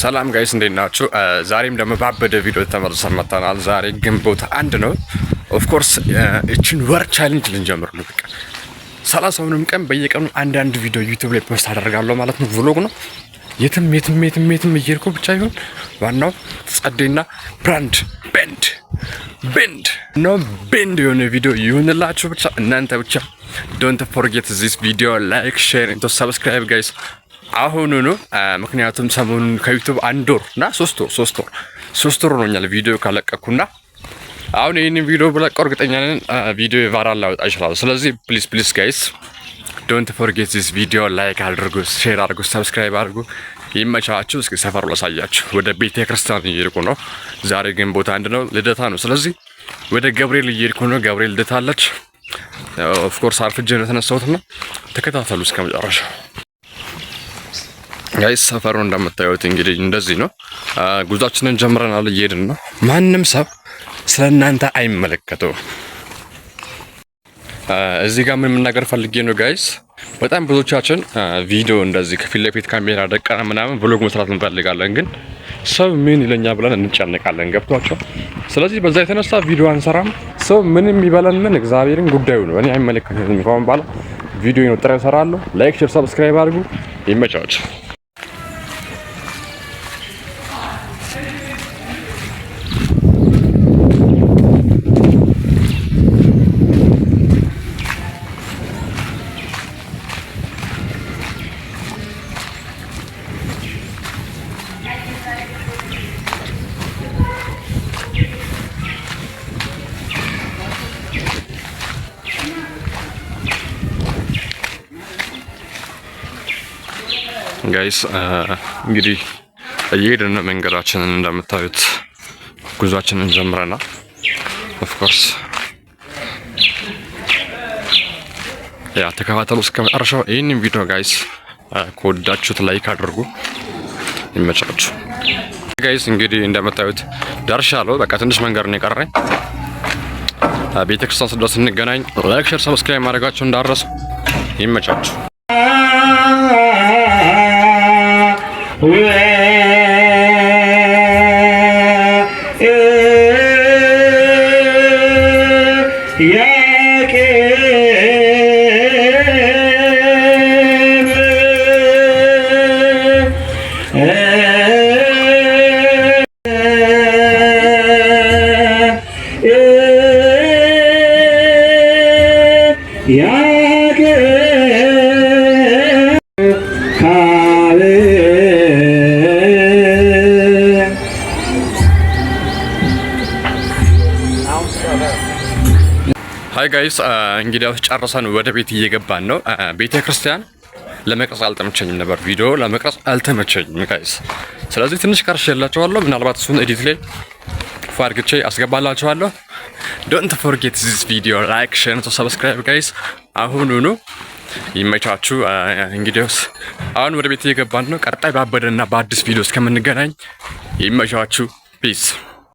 ሰላም ጋይስ እንዴት ናችሁ? ዛሬም ደግሞ ባበደ ቪዲዮ ተመልሰን መጥተናል። ዛሬ ግንቦት አንድ ነው። ኦፍኮርስ እችን ወር ቻሌንጅ ልንጀምር ነው። በቃ ሰላሳውንም ቀን በየቀኑ አንዳንድ ቪዲዮ ዩቲዩብ ላይ ፖስት አደርጋለሁ ማለት ነው። ቭሎግ ነው። የትም የትም የትም የትም እየሄድኩ ብቻ ይሁን ዋናው ጸደይና ብራንድ ቤንድ ቤንድ ነው ቤንድ የሆነ ቪዲዮ ይሁንላችሁ ብቻ እናንተ ብቻ ዶንት ፎርጌት ዚስ ቪዲዮ ላይክ ሼር ኢንቶ ሰብስክራይብ ጋይስ አሁኑኑ ምክንያቱም ሰሞኑን ከዩቱብ አንድ ወር እና ሶስት ወር ሶስት ወር ሶስት ወር ሆኖኛል ቪዲዮ ካለቀኩና አሁን ይህንን ቪዲዮ ብለቀው እርግጠኛ ነን ቪዲዮ ቫይራል ላወጣ ይችላል። ስለዚህ ፕሊዝ ፕሊዝ ጋይስ ዶንት ፎርጌት ዚስ ቪዲዮ ላይክ አድርጉ፣ ሼር አድርጉ፣ ሰብስክራይብ አድርጉ። ይመቻችሁ። እስኪ ሰፈሩ ላሳያችሁ። ወደ ቤተ ክርስቲያን እየሄድኩ ነው። ዛሬ ግን ቦታ አንድ ነው፣ ልደታ ነው። ስለዚህ ወደ ገብርኤል እየሄድኩ ነው። ገብርኤል ልደታ አለች። ኦፍኮርስ አርፍጄ ነው የተነሳሁትና ተከታተሉ እስከ መጨረሻ ጋይስ ሰፈሩ እንደምታዩት እንግዲህ እንደዚህ ነው። ጉዟችንን ጀምረናል፣ እየሄድን ነው። ማንም ሰው ስለ እናንተ አይመለከተው። እዚህ ጋር ምን መናገር ፈልጌ ነው ጋይስ፣ በጣም ብዙዎቻችን ቪዲዮ እንደዚህ ከፊት ለፊት ካሜራ ደቀና ምናምን ብሎግ መስራት እንፈልጋለን፣ ግን ሰው ምን ይለኛ ብለን እንጨነቃለን። ገብቷቸው። ስለዚህ በዛ የተነሳ ቪዲዮ አንሰራም። ሰው ምንም ይበለን ምን እግዚአብሔርን ጉዳዩ ነው። እኔ አይመለከተኝም። ከሆን ቪዲዮ ነው ጥሬ እሰራለሁ። ላይክ፣ ሼር፣ ሰብስክራይብ አድርጉ። ይመቻችሁ። ጋይስ እንግዲህ እየሄድን መንገዳችንን እንደምታዩት ጉዟችንን ጀምረናል። ኦፍኮርስ ያ ተከታተሉ እስከ መጨረሻው ይህንን ቪዲዮ ጋይስ። ከወዳችሁት ላይክ አድርጉ። ይመጫችሁ ጋይስ። እንግዲህ እንደምታዩት ደርሻለሁ። በቃ ትንሽ መንገድ ነው የቀረኝ። ቤተክርስቲያን ስደት ስንገናኝ ላይክ፣ ሼር፣ ሰብስክራይብ ማድረጋችሁ እንዳረሱ። ይመጫችሁ። yake eh. Eh. yake yeah. ሀይ ጋይስ እንግዲያው ጨርሰን ወደ ቤት እየገባን ነው። uh, ቤተ ክርስቲያን ለመቅረጽ አልተመቸኝም ነበር፣ ቪዲዮ ለመቅረጽ አልተመቸኝም ጋይስ። ስለዚህ ትንሽ ቀርሽ ምናልባት እሱን ኤዲት ላይ ፋርግቼ አስገባላቸዋለሁ። ዶንት ፎርጌት ዚስ ቪዲዮ ላይክ፣ ሼር፣ ሰብስክራይብ ጋይስ። አሁኑኑ ይመቻችሁ። uh, እንግዲያውስ አሁን ወደ ቤት እየገባን ነው። ቀጣይ ባበደና በአዲስ ቪዲዮ እስከምንገናኝ ይመቻችሁ። ፒስ